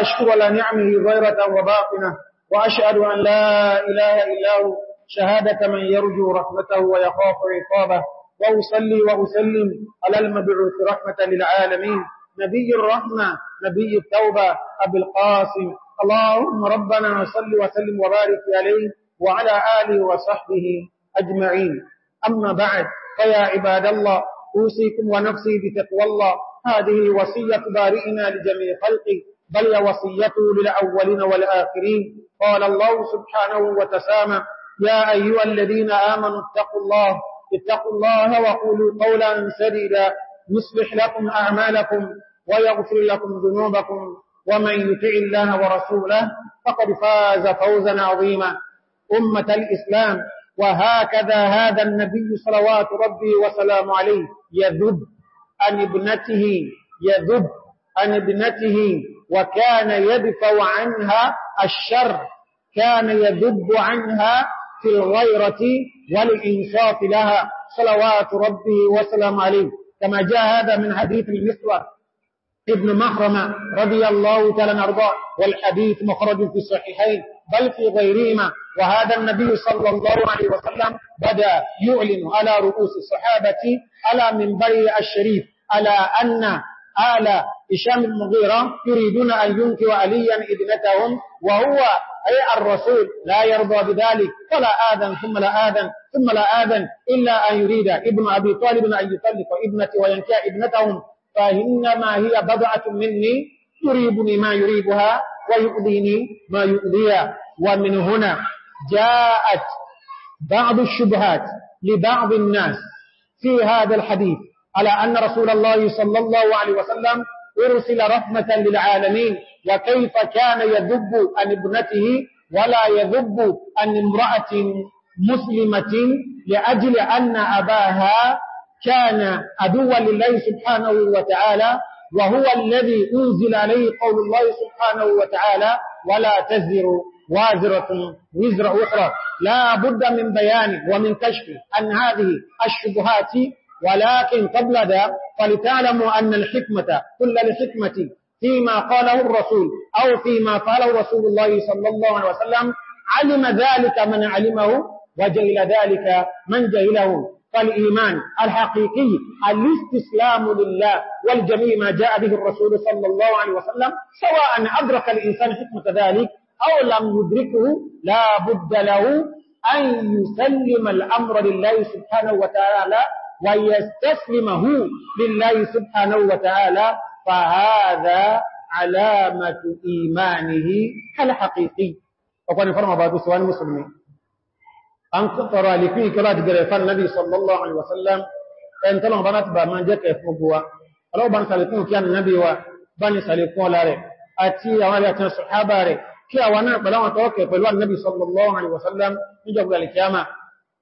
أشكر لنعمه ظاهرة وباطنة وأشهد أن لا إله إلا هو شهادة من يرجو رحمته ويخاف عقابه وأصلي وأسلم على المبعوث رحمة للعالمين نبي الرحمة نبي التوبة أبي القاسم اللهم ربنا صل وسلم وبارك عليه وعلى آله وصحبه أجمعين أما بعد فيا عباد الله أوصيكم ونفسي بتقوى الله هذه وصية بارئنا لجميع خلقه بل وصيته للأولين والآخرين قال الله سبحانه وتسامى يا أيها الذين آمنوا اتقوا الله اتقوا الله وقولوا قولا سديدا يصلح لكم أعمالكم ويغفر لكم ذنوبكم ومن يطع الله ورسوله فقد فاز فوزا عظيما أمة الإسلام وهكذا هذا النبي صلوات ربي وسلام عليه يذب عن ابنته يذب عن ابنته وكان يدفع عنها الشر كان يدب عنها في الغيرة والإنصاف لها صلوات ربه وسلام عليه كما جاء هذا من حديث المسوى ابن محرم رضي الله تعالى نرضى والحديث مخرج في الصحيحين بل في غيرهما وهذا النبي صلى الله عليه وسلم بدأ يعلن على رؤوس الصحابة على منبر الشريف على أن آل هشام المغيرة يريدون أن ينكوا عليا ابنتهم وهو أي الرسول لا يرضى بذلك فلا آذن ثم لا آذن ثم لا آذن إلا أن يريد ابن أبي طالب أن يطلق ابنتي وينكى ابنتهم فإنما هي بضعة مني يريبني ما يريبها ويؤذيني ما يؤذيها ومن هنا جاءت بعض الشبهات لبعض الناس في هذا الحديث على أن رسول الله صلى الله عليه وسلم أرسل رحمة للعالمين وكيف كان يذب عن ابنته ولا يذب عن امرأة مسلمة لأجل أن أباها كان عدوا لله سبحانه وتعالى وهو الذي أنزل عليه قول الله سبحانه وتعالى ولا تزر وازرة وزر أخرى لا بد من بيان ومن كشف أن هذه الشبهات ولكن قبل ذلك فلتعلموا أن الحكمة كل الحكمة فيما قاله الرسول أو فيما قاله رسول الله صلى الله عليه وسلم علم ذلك من علمه وجهل ذلك من جهله فالإيمان الحقيقي الاستسلام لله والجميع ما جاء به الرسول صلى الله عليه وسلم سواء أدرك الإنسان حكمة ذلك أو لم يدركه لا بد له أن يسلم الأمر لله سبحانه وتعالى ويستسلمه لله سبحانه وتعالى فهذا علامة إيمانه الحقيقي وقال فرما بعض سواء المسلمين أن تطرى لكي كرات جريفان النبي صلى الله عليه وسلم أن تلهم بنات بما جاك يفوقوا ولو بان سالكون كان النبي وبان سالكون لاري أتي أولي أتنا صحابة لاري كي أولا بلاوة توقف النبي صلى الله عليه وسلم نجب للكيامة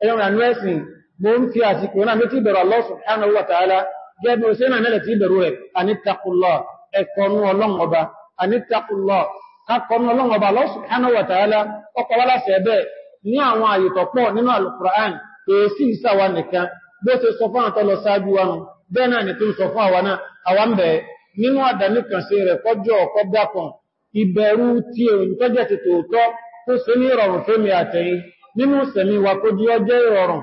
أيضا أنواسي mo ń fi àsìkò náà ní tí ìbẹ̀rù Allah subhanahu wa ta'ala gẹ́gbẹ̀ òṣèrè náà nílẹ̀ tí ìbẹ̀rù rẹ̀ anittaqullah ẹ̀kọ́nú ọlọ́ngọba anittaqullah kakọ́nú ọlọ́ngọba Allah subhanahu wa ta'ala ọkọ̀ wálásẹ̀ ẹ̀bẹ̀ ní àwọn àyètọ̀pọ̀ nínú al-Qur'an èsì ìsáwà nìkan bó ṣe sọ fún àtọ́lọ sáájú wa nù bẹ́ẹ̀ náà ni tó ń sọ fún àwa náà kó jí ọjẹ́ ìrọ̀rùn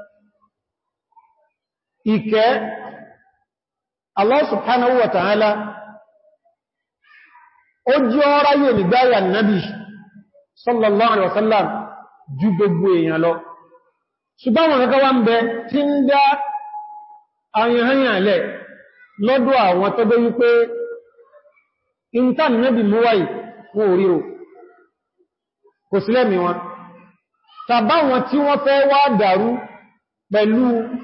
ike Allah subhanahu wa ta'ala ó jí ọ́rá yóò lè gbáyà nàbí sallallahu alaihi wasallam ju gbogbo èèyàn lọ ṣùgbọ́n wọn kọ́kọ́ ń bẹ tí ń dá ayẹ̀hányàlẹ̀ lọ́dọ̀ àwọn tó bẹ́ wípé ìntàn nàbí mọ́wàí wọn kò wọn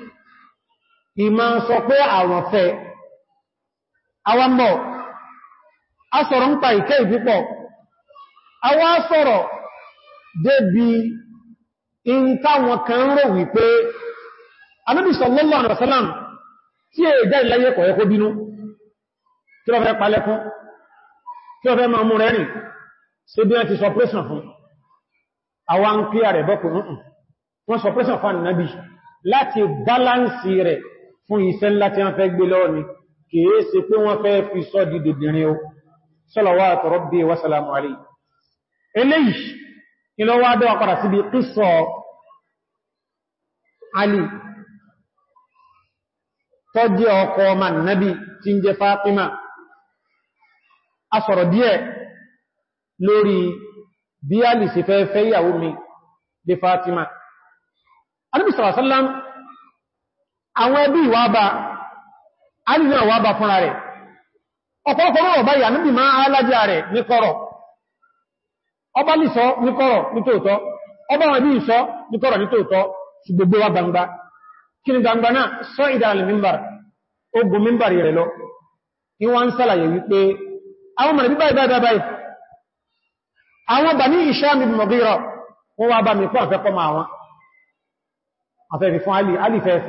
ìmá sọ pé àwọn fẹ́ awambo a sọ̀rọ̀ ń pa ìkẹ́ ìpípọ̀ awá sọ̀rọ̀ débi in táwọn kan rò wípé Ànábì sallallahu alaihi wasallam tí è jẹ́ ìlẹ́yẹ kọ̀ ẹkó bínú kí lọ fẹ́ palẹ́kún kí lọ fẹ́ máa mú rẹ̀ rìn sí bí wọ́n ti sọ pẹ́sàn fún àwọn ń kí àrẹ̀bọ́kùn wọ́n sọ pẹ́sàn fún Ànábì láti báláǹsì rẹ̀ fún iṣẹ́ ńlá tí wọ́n fẹ́ gbé lọ́wọ́ ni kìí ṣe pé wọ́n fẹ́ fi sọ di dìdìrin o salawatu rabbi wa salamu alayhi eléyìí ìlọ́wọ́ adọ́wà padà síbi qissa Ali tó jẹ́ a sọ̀rọ̀ díẹ̀ fẹ́ fẹ́ ìyàwó mi dé Fátímà Ànábì sallallahu àwọn ẹbí ìwàbà alìyàn ìwàbà fúnra rẹ̀ ọ̀pọ̀lọpọ̀ ọ̀bá ìyà níbi máa alájá rẹ̀ ní kọ́rọ̀ ọba ní kọ́rọ̀ ní ọba wọn bí ní kọ́rọ̀ ní sí gbogbo wa gbangba kí ni gbangba náà sọ ìdàlẹ̀ ogun rẹ̀ lọ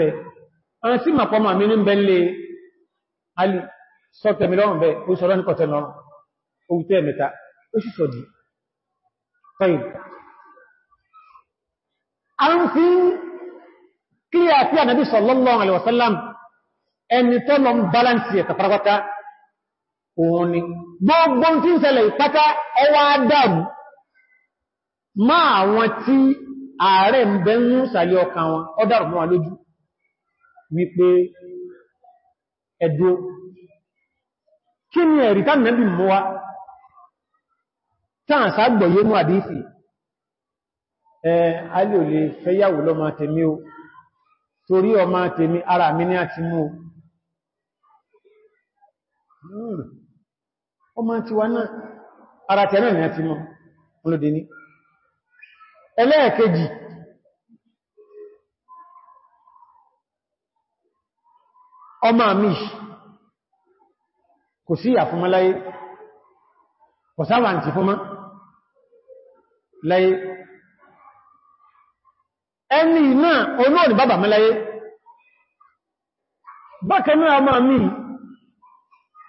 fún ọ̀rẹ́ sí màpọ̀mà mi ní bẹ́lẹ̀ alì sọ́tẹ̀mì lọ́rùn bẹ́ ó sọ́rọ̀ ní kọ̀tẹ̀ lọ́rùn òwútẹ́ ẹ̀mẹ́ta ó sì sọ̀dí fẹ́yìn a ń fi kí a fi ànàbí sallallahu alaihi wasallam ẹni tọ́lọ ń balansi tí ń ṣẹlẹ̀ ìpátá máa wọn tí ààrẹ ń bẹ́ ń sàlẹ̀ ọkàn wọn ọdárùn-ún alójú wípé ẹ̀dùn kí ni ẹ̀rí tán nẹ́bí mọ́wá tán sàgbọ̀yé mú àdífì ẹ alì ò lè fẹ́yàwó lọ máa tèmi o torí ọ máa tèmi ara mi ní àti mú o hmm. ọmọ ti wá náà ara tẹ̀ náà ní àti mú olóde ọmọ mi kò sí àfúnmọ́ láyé kò sáwà àti fúnmọ́ láyé ẹni náà onú ni bàbá mi láyé bákanú ọmọ mi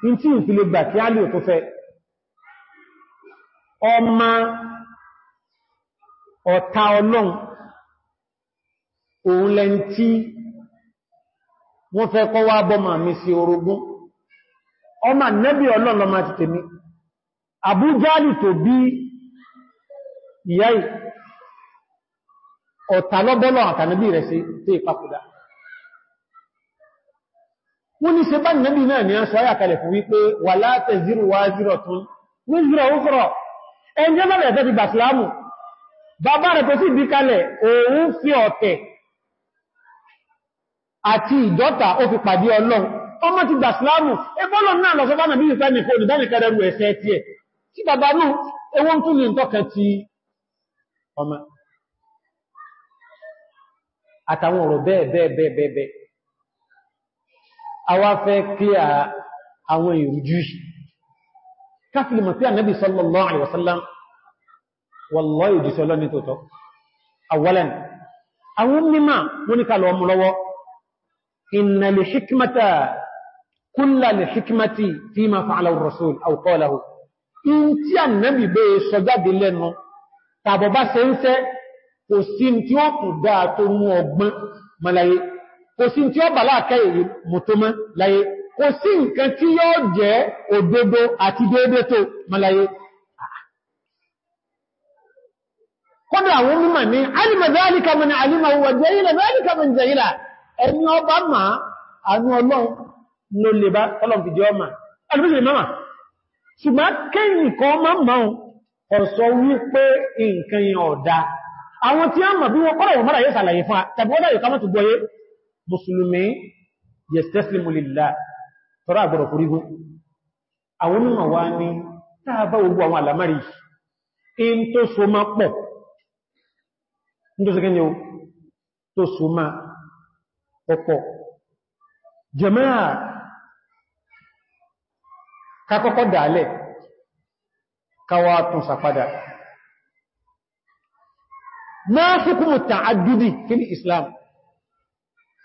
in tí ìfilè gbà kí á lè tó fẹ́ ọmọ ọ̀ta ọlọ́run òun lẹ́ntí wọ́n fẹ́ kọ́ wá bọ́mà mi sí orogún ọmọ nẹ́bí ọlọ́lọ́mà ti tèmi àbújálì tó bí ìyá ọ̀tàlọ́bọ́lọ́ àtànẹ́bí rẹ̀ sí tí ìpapòdá wọ́n ní ṣe bá nẹ́bí náà ní ọ́sọ́ ayàkalẹ̀ fún wípé wà látẹ̀ àti ìjọta ó fi pàdé ọlọ́run ọmọ ti gbà sílámù ẹgbọ́lọ̀ náà lọ sọ́fánà bí ìfẹ́ nìkò olùdánikẹrẹrù ẹ̀ṣẹ̀ ti ẹ̀ tí bàbá náà ewó tún lè tọ́kẹ ti ọmọ àtàwọn ọ̀rọ̀ bẹ́ẹ̀ bẹ́ẹ̀ bẹ́ẹ̀ bẹ́ẹ̀ àwa fẹ́ kí àwọn ìrújú káfílìmọ̀ sí ànábì sallallahu alaihi wasallam wallahi òjíṣẹ́ ọlọ́ni tòótọ́ awalan àwọn mímọ̀ wọ́n ní ká lọ mú lọ́wọ́ إن الحكمة كل الحكمة فيما فعله الرسول أو قاله إن تيانبي بي سجاد لنه tàbọ̀bá se ń sẹ́ kò sí tí ó kù dáa tó mú ọgbọ́n mọ́ láyé kò sí tí ó bà láàkẹ́ èyí mọ̀tọ́mọ́ láyé kò sí nǹkan tí yóò jẹ́ òdodo àti déédé tó mọ́ láyé kọ́dọ̀ àwọn mímọ̀ ní alìmọ̀ zálika mọ̀ ní alìmọ̀ wọ̀jẹ́ ilẹ̀ zálika mọ̀ jẹ́ ilẹ̀ ẹni ọba máa àánú ọlọ́run ló lè bá ọlọ́run fìdí ọmọ alìbísìlè máa ṣùgbọ́n kéyìn kan máa máa ọ̀sọ̀ wípé nǹkan yẹn ọ̀dá àwọn tí a mọ̀ bí wọ́n kọ́rọ̀ mọ́ra yẹ́ sàlàyé fún tàbí wọ́n dáyẹ̀ kamọ́tù gbọ́yé mùsùlùmí yẹ̀stẹ́sìlìmù lìlá tọ́rọ àgbọ̀rọ̀ kúrígó àwọn onímọ̀ wá ní tàbá ogun àwọn àlàmárì in tó so má pọ̀ ọ̀pọ̀ jẹmáà kakọ́kọ́ dálẹ̀ káwà tún sàpadà náà fíkúmù tààdúdì kí ni Islam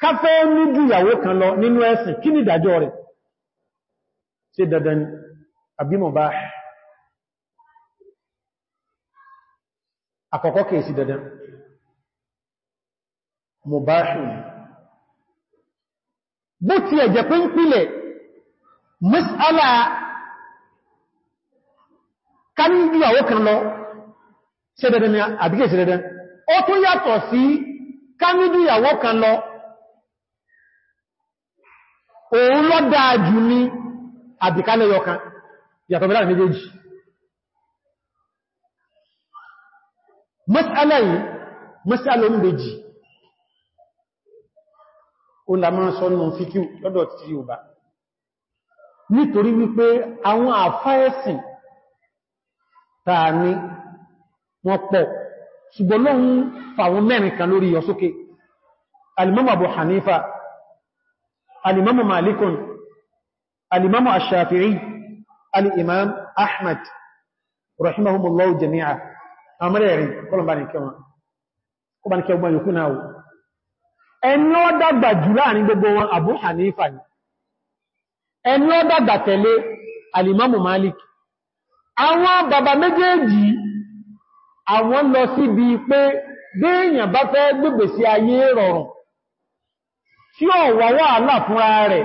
káfẹ́ ní jùyàwó kan lọ nínú ẹ̀sìn kí ni ìdájọ́ rẹ̀ ṣe dandan àbímọ̀ bá àkọ́kọ́ kèèsì dandan mubahun bó ti ẹ̀jẹ̀ pé ń pìlẹ̀ mọ́sálà kánújú àwọ́ kan lọ ṣe dandan ni àbíkẹ̀ ṣe dandan ó tún yàtọ̀ sí kánújú àwọ́ kan lọ òun lọ ní àbíkálẹ̀ yọkan yàtọ̀ ó la máa sọ́nà fíkíù lọ́dọ̀ ti Yorùbá nítorí wípé àwọn àfáẹ́sìn tàà ní wọ́n pọ̀ ṣùgbọ́n lóhun fàwọn mẹ́rin kan lórí yọsókè alimamu Abu Hanifa alimamu Malikun alimamu Ashafi'i al'imam Ahmad rahimahumullahu jami'a amurẹ̀rin kọlọ̀bánikẹwọn ẹni ó dàgbà jù láàrin gbogbo wọn Abu Hanifa ni ẹni ó dàgbà tẹ̀lé alimamu Malik àwọn bàbà méjèèjì àwọn lọ bí pé béèyàn bá fẹ́ gbogbo sí ayé rọrùn tí ó wà wàhálà fúnra rẹ̀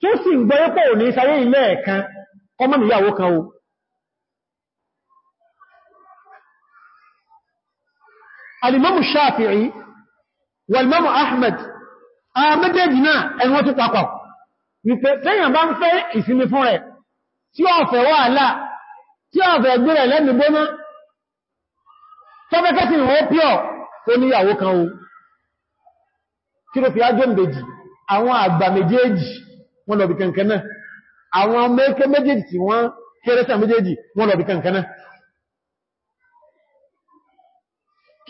tó sì ní sáyé ilẹ̀ ẹ̀kan wàlmọ́mù ahmed àmẹ́jẹ́jì náà ẹni wọ́n tó papọ̀ wípé tẹ́yàn bá ń fẹ́ ìsinmi fún rẹ̀ tí ó fẹ́ wà láà tí ó fẹ́ gbé rẹ̀ lẹ́nu gbóná tọ́fẹ́kẹ́sì ìwọ́ píọ̀ ó níyàwó kan o kí ló fi ájọ́ méjì àwọn àgbà méjèèjì wọ́n lọ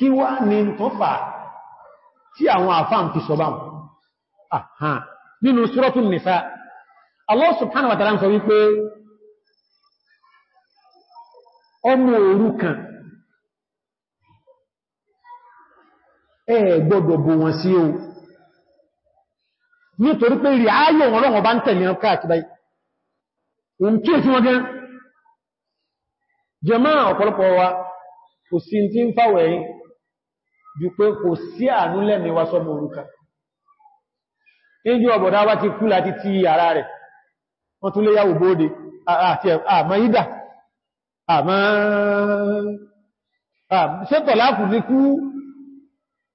kí wá ní tó fàá tí àwọn àfáà ti sọ báwọn àhá nínú Suratul Nisa Allah subhanahu wa ta'ala ń sọ wípé ọmọ òrukàn ẹ gbọ́dọ̀ bò wọn sí o nítorí pé rí ayò wọn bá ń tẹ̀lé ọkà àti báyìí ọ̀pọ̀lọpọ̀ wa kò sí ń ju pé kò sí àánú lẹ́mí wa sọ́mọ̀ orúkà. Injú ọ̀bọ̀dá wá ti kú láti ti ara rẹ̀, wọ́n tún lé yàwó bóde, àti àmà ìdà, àmà ṣẹ́tọ̀ láàkù ní kú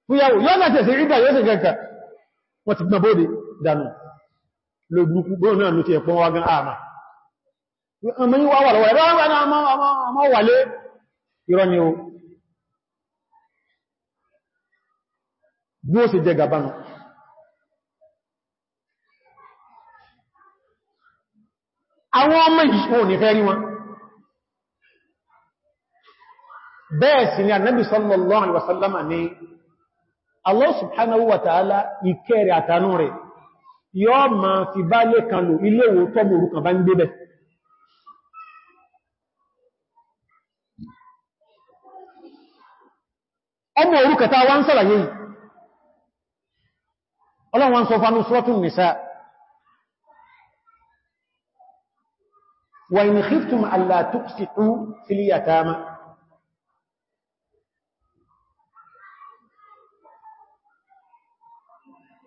fúyàwó, yọ́ láti ẹ̀sẹ̀ ìdà yóò sì kẹta, wọ́n ti gbọ́n bóde dànù lóògbùn bí ó gaba jẹ gàbánu àwọn ọmọ ìṣò ní fẹ́ rí wọn bẹ́ẹ̀ sì ni annabi sallallahu alaihi wasallama ni Allah subhanahu wa ta'ala ìkẹrẹ àtànú rẹ̀ yọ́ ma fi bá lè kan lò ilé ìwò tọ́bù bá ń gbé bẹ̀ ọmọ orúkẹta wá ń ọlọ́run wọn sọ fánú sọ́tún nìsá wà ní khiftum allá tuksitu filiyatama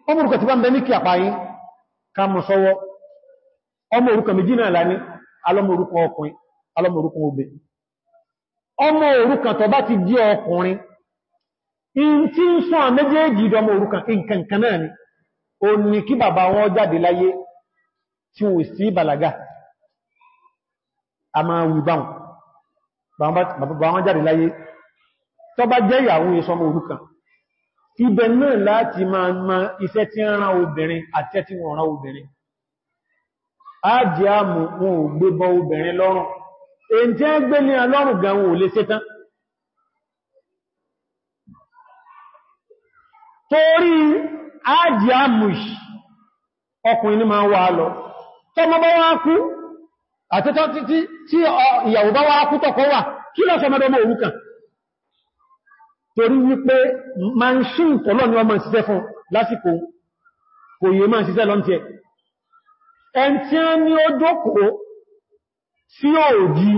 ọmọ orúkọ ti bá ń bẹ ní kí àpáyín ká mọ̀ sọ́wọ́ ọmọ orúkọ méjì náà lá ní alọ́mọ orúkọ ọkùnrin alọ́mọ orúkọ obè ọmọ orúkọ bá ti di ọkùnrin in tí ń sọ àmẹ́jẹ́ ìjìdọmọ nǹkan náà ni ó ní kí bàbá wọn jáde láyé tí wò sí bàlágà a máa wù báhùn bàbá wọn jáde láyé tó bá jẹ́ ìyàwó ìsọmọ òrukàn ibẹ̀ náà láti máa ma iṣẹ́ tí ń ran obìnrin àti tí wọ́n ran obìnrin a jẹ́ àmù wọn ò gbé bọ obìnrin lọ́rùn èyí tí ń gbé ní alọ́rùn gan wọn lè sétán torí ájì àmùsì ọkùnrin ní máa wà lọ tọ́mọ bá wá kú àtẹ́tọ́ títí tí ìyàwó bá wá kú wà kí lọ sọ mẹ́dọ́mọ́ òrukàn torí wípé ma ń ṣí ìtọ́lọ́ ma fún lásìkò kò yẹ a ní ó dókòó sí òòjí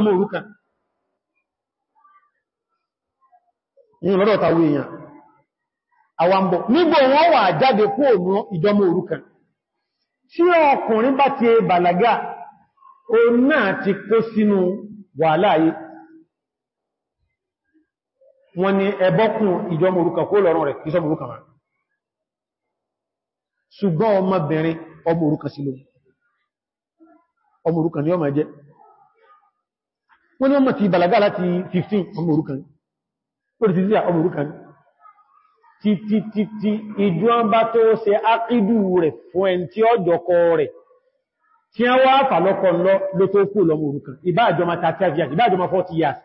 máa ní lọ́dọ̀ tàwí èèyàn àwàmbọ̀ nígbò wọ́n wà jáde kú òmú ìjọmọ̀ orúkà tí ọkùnrin bá ti bàlágà o náà ti kó sínú wàhálà yìí wọ́n ni ẹbọ́kùn ìjọmọ̀ orúkà kó lọ́rùn rẹ̀ ìsọ́mọ̀ òrukàn wà ṣùgbọ́n ọmọbìnrin ọmọ sí ni wọ́n ti bàlágà láti 15 ọmọ ni orísìírísìí àwọn orúkan títítítí ìjọ́n bá tó ṣe ákídù rẹ̀ fún ẹn tí ọjọ́kọ rẹ̀ tí a wá fàlọ́kọ lọ ló tó kú lọmọ orúkan ìbá àjọmọ 35 years ìbá àjọmọ 40 years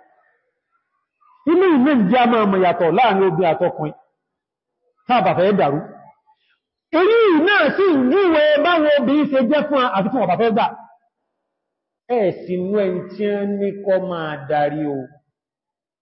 ilé ilé ìjẹ́ a máa mọ̀ yàtọ̀ láàrin obìnrin àtọkùnrin tábà fẹ́ dàrú èyí náà sì júwe báwọn obìnrin ṣe jẹ́ fún àfitún ọ̀bà fẹ́ gbà ẹ̀ẹ̀sìnú ẹni tí a ní kọ máa darí ohun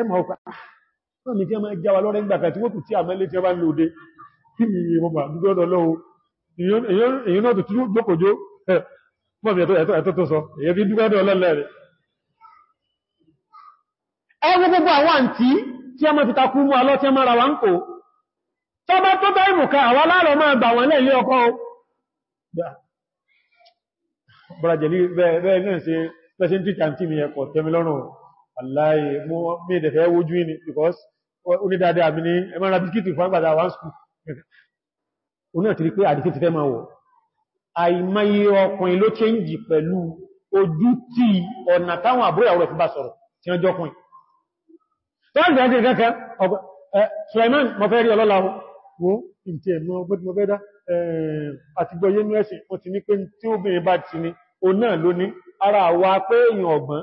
ẹmọ̀ ọkà mi tí a máa jáwa lọ́rẹ́ ìgbàkà tí wọ́n tù tí a mẹ́lé tí a bá ń lòdé kí ni iye mọ́bà dúgbọ́dọ̀ lọ́wọ́ èyí náà tó tí ó gbọ́kòjó mọ́bí ẹ̀tọ́ tó sọ èyí bí dúgbọ́dọ̀ lọ́lẹ́rẹ̀ ẹwọ́ gbogbo àwọn àǹtí a máa fi takú mú a máa ra wá ń kò tó bá tó bá ìmùka àwọn aláàrọ̀ máa gbà wọn lẹ́lé ọkọ bọ́ra jẹ̀lí bẹ́ẹ̀ náà ṣe pẹ́sẹ́ntì àǹtí mi ẹ̀kọ̀ tẹ́mi lọ́rùn aláì mú mẹ́ẹ̀dẹ̀ fẹ́ wójú ní because onídàádẹ́ àmì ní ẹmọ́ra bisikítì fún àgbàdà one school oníwà ti rí pé àdíkẹ́ ti fẹ́ máa wọ̀ àìmáyé ọkùnrin ló chẹ́njì pẹ̀lú ojú tí ọ̀nà táwọn àbúrò rẹ̀ fún bá sọ̀rọ̀ tí wọ́n jọkùnrin Suleiman mo fẹ́ rí ọlọ́lá wo ìtì ẹ̀mọ́ ọgbọ́dí mo fẹ́ dá àtìgbọ́ yé ní ẹ̀sìn wọ́n ti ní pé tí ó bèèrè bá ti ní o náà ló ní ara wa pé èèyàn ọ̀gbọ́n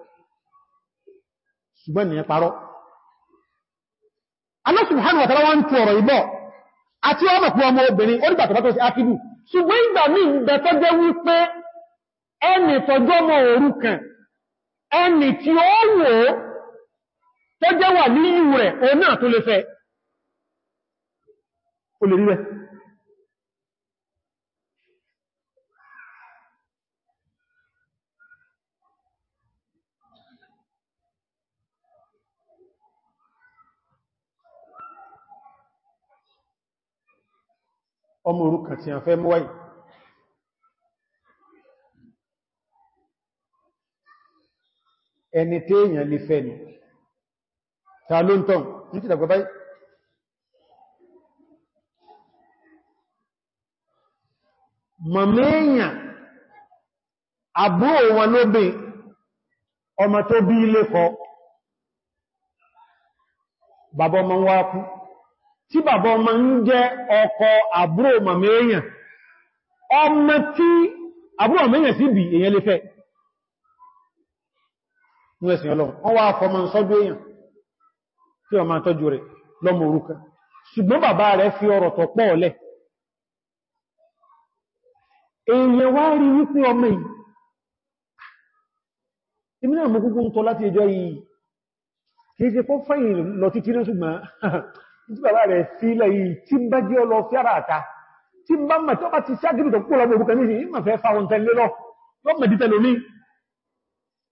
ṣùgbọ́n ni parọ́. Allah subhanahu wa ta'ala wá ń tí ọ̀rọ̀ ìbọ̀ àti ọmọ pọ̀ ọmọ obìnrin onígbà tọ́bá tó sí akídù ṣùgbọ́n ìgbà mí ń bẹ wípé ẹni ẹni tí ó ọmọ orúkàn tí a fẹ́ mọ́wàí ẹni tí èèyàn lè fẹ́ ni ta ló ń tàn ní ti dàgbà báyìí mọ̀mẹ́yàn àbúrò wọn lóbi ọmọ tó bí ilé kọ bàbá ọmọ wá kú tí bàbá ọmọ ń jẹ́ ọkọ àbúrò màmá èèyàn ọmọ tí àbúrò màmá èèyàn sí bí èèyàn lè fẹ́ ní ẹ̀sìn ọlọ́run wọ́n wá fọmọ sọ́dọ̀ èèyàn tí ọmọ àtọ́jú rẹ̀ lọ́mọ òrukàn ṣùgbọ́n bàbá rẹ̀ wá rí wípé ọmọ yìí ìmì mú kúkú ń láti ẹjọ́ yìí kìí ṣe fọ́fẹ́yìn lọ títí náà ṣùgbọ́n tí bàbá rẹ̀ sílẹ̀ yìí tí ń bá jẹ́ ọlọ sí ara àta tí ń bá mọ̀ tí ó bá ti ságìrì tó pọ̀ lọ́gbọ̀ òbúkan níṣì ìmọ̀ fẹ́ fáwọn tẹ́lẹ̀ lọ lọ́ mẹ̀dí tẹ́lẹ̀ omi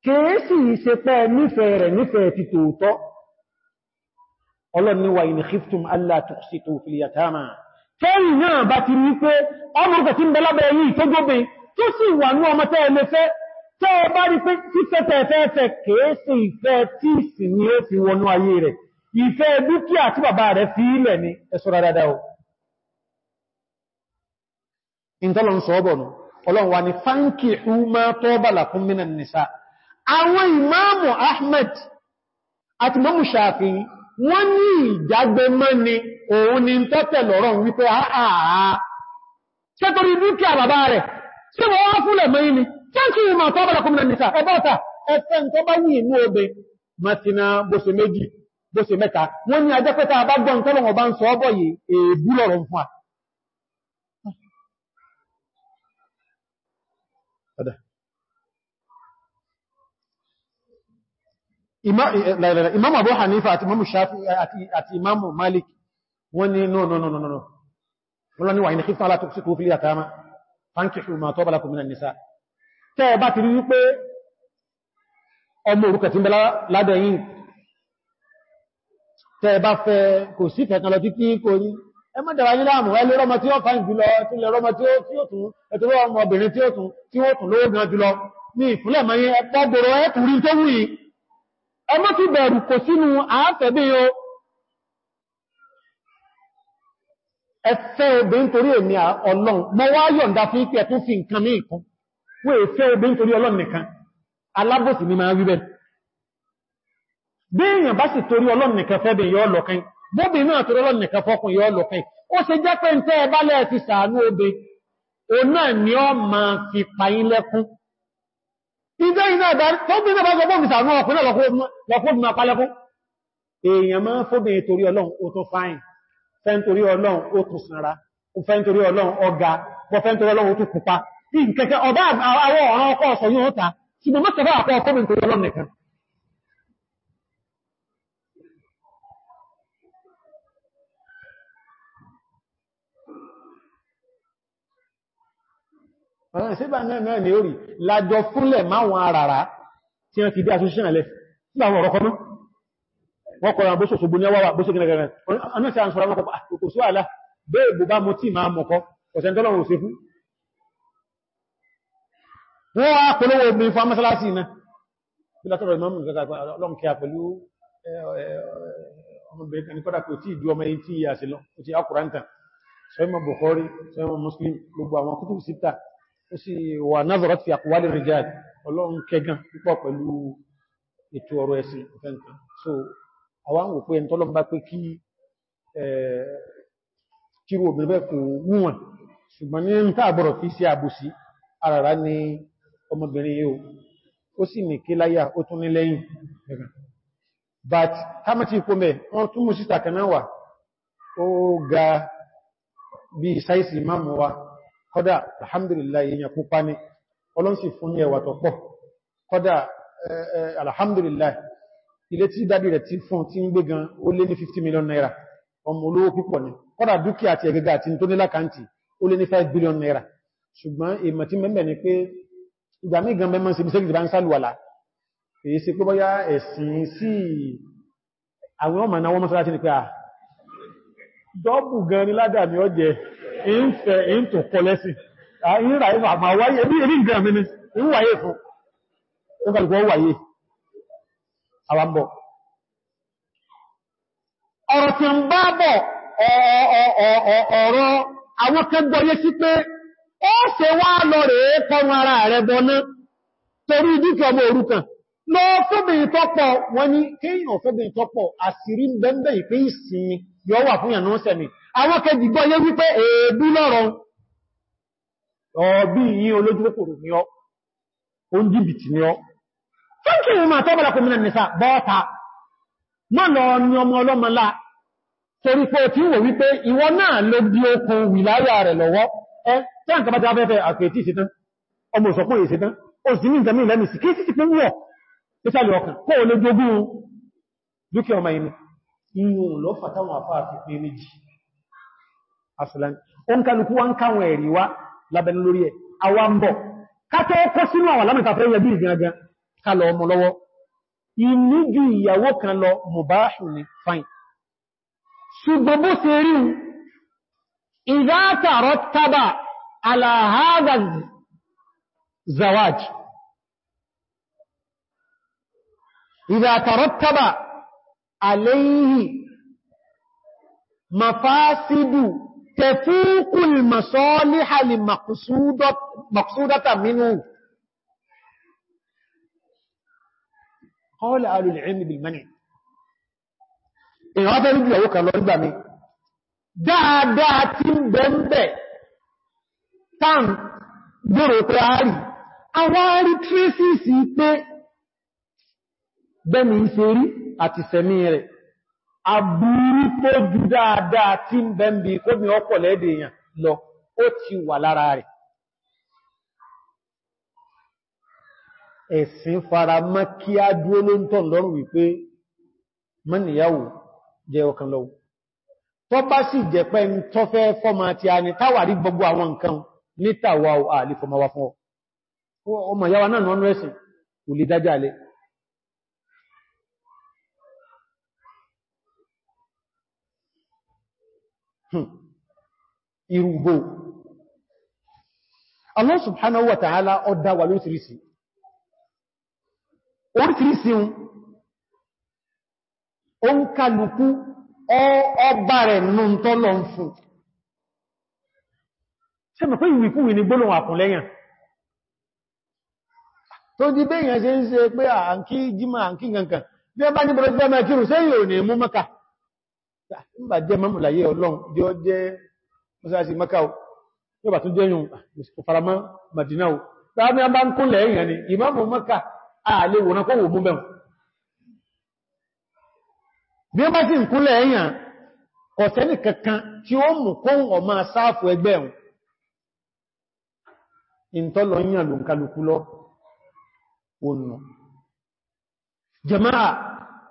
kèésì ṣe pẹ́ nífẹ̀ẹ́ rẹ̀ nífẹ̀ẹ́ ti tòótọ́ ọlọ́ni wa in khiftum alla ìfẹ́ dúkìá tí bàbá rẹ̀ fi ilẹ̀ ni ẹ̀ṣọ́ra dada o ìntọ́lọ̀n sọ́ọ̀bọ̀nù ọlọ́run wa ni fáńkì húmá tọ́bàlà fún mínà nìsá àwọn ìmáàmù Ahmed àti mọ́mù wọ́n ní òun ni tọ́tẹ̀ lọ́rọ̀ wípé bó ṣe mẹ́ta wọ́n ní ajẹ́pẹ́ta àbágbọ́n tọ́lọ̀wọ̀n bá ń sọ ọbọ̀ yìí èébú lọ́rọ̀ fún à eh, eh, Imam Abu Hanifa àti Imam Shafi eh, àti Imam Malik wọ́n ní no no no no no wọ́n ní wà ní kífà látọ̀ sí kó fílì àtàmà fankihu ma tọ́bà lakum minan nisa tẹ́ ẹ bá ọmọ òrukẹ̀ tí ń bẹ ládọ̀ yìí tẹ bá fẹ́ kò sí fẹ̀kan lọ títí kò rí ẹ má nílá àmù ẹlú rọmọ tí ó fà jùlọ tí lẹ rọmọ tí ó tún ọmọ obìnrin tí ó ti bẹ̀rù kò sínú o ẹfẹ́ obìnrin torí èmi ọlọ́run mọ́ wá yọ̀ǹda fún ìpẹ́ tún fi nǹkan mí wọ́n obìnrin torí ọlọ́run nìkan alábòsí ni máa bẹ́ẹ̀ bí èèyàn bá sì torí Ọlọ́run nìkan fẹ́ bí yọ́ lọ́kẹ́ bóbi náà torí Ọlọ́run nìkan fọ́kùn yọ́ lọ́kẹ́ ó ṣe jẹ́ pé ń tẹ́ ẹbá lẹ́ẹ̀ fi sàánú obe o náà ni ọ ma fi pàyín lẹ́kún ìjẹ́ iná ẹ̀dá tó bí náà bá sọ bóbi sàánú ọkùnrin lọ́kùnrin ma palẹ́kún èèyàn máa fóbi torí Ọlọ́run ó tó fáyìn fẹ́ torí Ọlọ́run ó tó sanra fẹ́ torí Ọlọ́run ọ̀gá bọ́ fẹ́ torí Ọlọ́run ó tó pupa ìkẹ́kẹ́ ọba àwọn ọ̀rán ọ̀rán ìsẹ́bà náà náà ni ó rí lájọ fúnlẹ̀ máwọn aràrá tí wọ́n ti bí asociation alẹ́ nígbà àwọn ọ̀rọ̀ kọmọ́ wọ́n kọ̀rọ̀ bó ṣòṣogbo ní ọwọ́wà bó ṣogbo gẹ̀rẹ̀ ọ̀nà àwọn ọ̀rọ̀ kò sí àlá bẹ́ẹ̀ bó bá mo tí máa mọ̀kọ́ ọ̀sẹ̀ tọ́lọ̀rọ̀ òṣè fún wọ́n wá polówó omi fún amásálásí iná bí látọ̀rọ̀ ìmọ̀ mú nǹkan ọlọ́run kí a pẹ̀lú ọmọbìnrin kan ní kọ́dà kò tí ìdú ọmọ yìí tí ìyà sí lọ ó ti akùrántà sọ́yìnmọ̀ Bukhari sọ́yìnmọ̀ Muslim gbogbo àwọn kútù síta wà náàzọ̀rọ̀ ti àkúwálì rìjáàd ọlọ́run kẹgàn púpọ̀ pẹ̀lú ètò ọ̀rọ̀ ẹ̀sìn ìfẹ́ǹkan so àwọn àwọn òpin tọ́lọ́n bá pé kí kíru obìnrin bẹ́ẹ̀ kò wúwọ̀n ṣùgbọ́n ní ni ọmọbìnrin yóò ó sì but tamati ipome wọ́n tún mú síta kanáwà ó ga bí sáìsì máàmù wa kọ́dá alhamdulillah èèyàn pupa ní ọlọ́nsì fún ní ẹwà tó pọ̀ kọ́dá alhamdulillah ilé tí dábì rẹ̀ ti fún tí ń gbé gan ó lé ní 50 million naira ọmọ olówó púpọ̀ ní kọ́dá dúkìá ti ẹgẹgà àti tó nílákàntì ó lé ní 5 billion naira ṣùgbọ́n èèmọ̀ tí mẹ́mẹ́ ni pé ìgbà mí gan mẹ́mọ́ sí ibi bá ń sálùwàlá èyí sí pé bọ́yá ẹ̀sìn sí àwọn ọmọ ìfẹ́ ìntò pọ̀lẹ́sì ìrà ìfà àmà wáyé ebí ebí nǹkan mi ni ń wáyé fún ó kàlùkọ́ wáyé àwàbọ̀ ọ̀rọ̀ tí ń bá bọ̀ ọ̀rọ̀ àwọn kẹgbọ́yé sí pé ó ṣe wá lọ rẹ̀ kọrùn ara rẹ̀ bọ́ná torí dúkì ọmọ òrukàn lọ fẹ́bìnrin tọ́pọ̀ wọ́n ní kéyàn fẹ́bìnrin tọ́pọ̀ àṣírí bẹ́ẹ̀bẹ̀ ìpín ìsinmi yọ fún ìyànà ọ̀sẹ̀ àwọn kẹjìgbọ́ onye wípé èébú lọ́rọ̀ ọ̀bí yí olójúkòrò ní ọ́ oúnjìbìtì ní ọ́ fẹ́kì ìrìnmà tọ́bàlákò mìíràn nìsà bọ́ọ̀ta mọ́nà ni ọmọ ọlọ́mọlá torí pé tí wò wípé ìwọ náà ló di okun wìláyà rẹ̀ lọ́wọ́ ẹ tí àǹkà bá asìlẹ̀ ẹn kálukú wá ń káwọn ẹ̀rí wá lábẹ̀lú lórí ẹ̀ àwa ń bọ̀ kátọ́ ọkọ́ sínú àwọn alámìta fẹ́ yẹ bí ìgangan kálọ ọmọ lọ́wọ́ ìníjú ìyàwó kan lọ mùbáhù ní تفوق المصالح المقصودة منه قال أهل العلم بالمنع ìrọ̀ fẹ́ níbi ọ̀wọ́ kan lọ nígbà mi dáadáa tí ń bẹ ń bẹ tán gbòrò pé a rí àwọn rí trísìsì pé bẹ́ni ìṣẹ́rí àti sẹ̀mí rẹ̀ àbúrú tó jù dáadáa tí ń bẹ́ ń bí kó mi ọ̀pọ̀ lẹ́dẹ̀ èèyàn lọ ó ti wà lára rẹ̀ ẹ̀sìn fara mọ́ kí á dúó ló ń wípé mọ́nìyàwó jẹ ọkàn lọ tọ́ bá sì jẹ́ pẹ́ ń fọ́mà ti a ní táwàrí gbogbo àwọn nǹkan fún Hm. irúgbó Allah subhanahu wa ta'ala ọdá wà lóríṣìíríṣìí oríṣìíríṣìí un o ń kálukú ọba rẹ̀ nù tọ́lọ ń fún ṣe mọ̀ pé ìwìkúwì ní gbólóhùn àkùnlẹ́yàn tó di bẹ́yàn ṣe ń ṣe pé à ń kí jímọ̀ à ń kí gankan bí ẹ bá ní bọ́lọ́ nígbà jẹ́ mọ́mùláyé ọlọ́run jọ jẹ́ mọ́sáàsì makao yóò bà tún jẹ́ yùn faramọ́ madina o tàbí a bá ń kún lẹ́yìn ni ìmáàmù maka ààlè wòrán kó wò mú bẹ̀rún bí ó bá sì ń kún lẹ́yìn ọ̀sẹ́ni kankan tí ó mú kóhùn ọmọ sáàfù ẹgbẹ́ ẹ̀hùn ìntọ́lọ yìnyàn lòǹkalùkú lọ òun jẹ́máà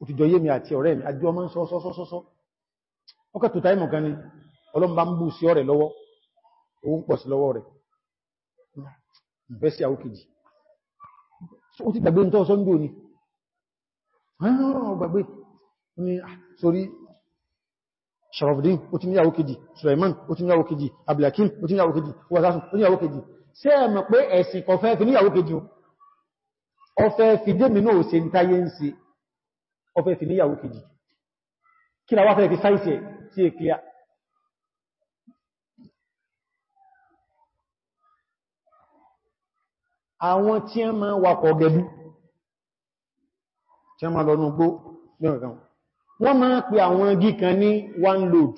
òtìjọ yé mi àti ọ̀rẹ́ mi àjọ ọmọ ń sọ sọ́sọ́sọ́sọ́ ọkà tó táìmọ̀ kan ni ọlọ́mbà ń bú sí ọ̀rẹ́ lọ́wọ́ òun pọ̀ sí lọ́wọ́ rẹ̀ bẹ́ sí àwọn kejì ó ti gbàgbé tó sọ́ndò ni gbàgbé ní ah, sórí Sharafdin ó ti níyàwó kejì Suleiman ó ti níyàwó kejì Abdulhakim ó ti níyàwó kejì wasasun ó níyàwó kejì ṣé ẹ mọ̀ pé ẹ̀sìn kò fẹ́ fi níyàwó kejì ó ọfẹ́ ti níyàwó kejì kí láwá fẹ́ fi sáìsì ẹ̀ tí è kíyà àwọn tí ẹ máa wakọ̀ gẹ̀bú tí ẹ máa lọ núgbó lẹ́rọ̀gán wọ́n máa pè àwọn igi kan ní one load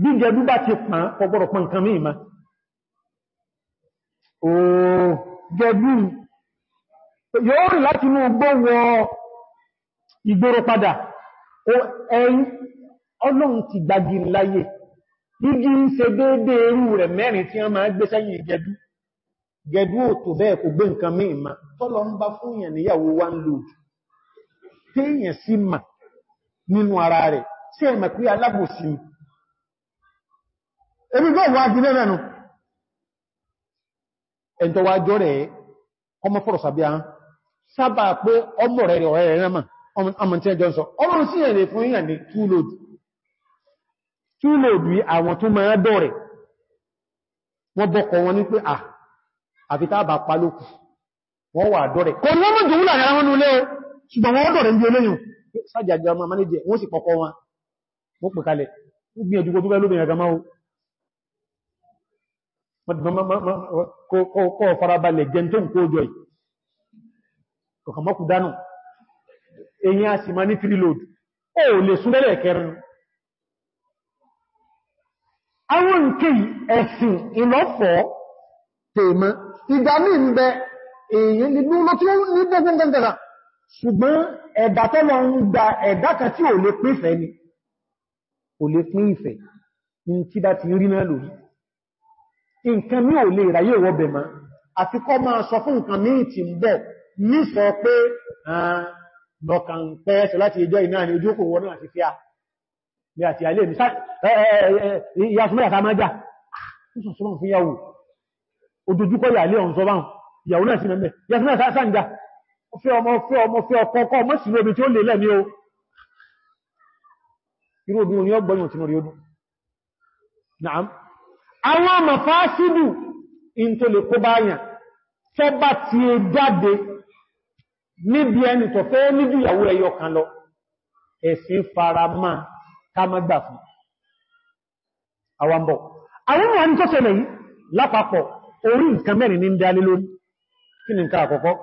bí gẹ̀bú bá ti pàn ọgbọ̀rọ̀ pàn kan mí ìmá ooo gẹ̀bú yóò rìn láti inú gbówọ́ ìgboro padà ẹ̀yìn ọlọ́run ti gbagiri láyé gígí ń ṣe déédé irú rẹ̀ mẹ́rin tí wọ́n máa gbé sẹ́yìn gẹ̀dú gẹ̀dú ò tó bẹ́ẹ̀ kò gbé nǹkan mí ma tọ́lọ ń bá fún èèyàn sí nínú ara sábà pé ọmọ rẹ̀ rẹ̀ rẹ̀ rẹ̀ àmọ̀tí ẹjọ́ sọ ọlọ́run sí ẹ̀rẹ̀ fún yíyàn ní túlòdù túlòdù àwọn tó máa dọ̀rẹ̀ wọ́n bọ́kọ̀ wọn ní pé à àfi tàbà palókù wọ́n wà dọ̀rẹ̀ kò ní wọ́n mọ́ jòwúlà ní àwọn olóò ṣùgbọ́n wọ́n dọ̀rẹ̀ ní olóyìn sájàjá ọmọ manéjẹ wọ́n sì pọ̀kọ́ wọn wọ́n pè kalẹ̀ gbìyànjú kó tó bẹ́ lóbìnrin àgámá o kó farabalẹ̀ jẹ́ tó ń kó jọ ì kọ̀kàmọ́kù dánù èyí a sì ma ní free load ó lè súnlẹ̀ kẹrin àwọn nke ẹ̀sìn ìlọ́fọ́ tèèmọ́ ìdámí ń bẹ èyí nínú ló tí ó ní gbogbo gẹ́gẹ́gẹ́gẹ́ ṣùgbọ́n ẹ̀dà tọ́lọ ń gba ẹ̀dá kan tí ò lè pín ìfẹ́ ni ò lè pín ìfẹ́ ní tí bá ti rí náà lórí nǹkan mí ò lè ráyè wọ́bẹ̀ ma àti kọ́ máa sọ fún nǹkan mí ti lọ́kàn pẹ́ẹ́sẹ̀ láti ìjọ ìná ni ojú kò wọ́n náà ti fi à ní àti alé mi ìyá súnmọ́lá ta máa jà ṣùsùn ah, súnmọ́ fún yàwó ojojúkọ́ yà lé ọ̀n sọ báhùn ìyàwó náà sí mẹ́mẹ́ ìyá súnmọ́lá ta sáàjà fẹ́ ọmọ fẹ́ ọmọ fẹ́ sí níbi ẹni tó fẹ́ níbi ìyàwó ẹyọ kan lọ ẹ̀sìn fara máa ká má gbà fún àwambọ̀. àwọn àwọn tó ṣẹlẹ̀ yìí lápapọ̀ orí nǹkan mẹ́rin ní dálé lórí kí ni nǹkan àkọ́kọ́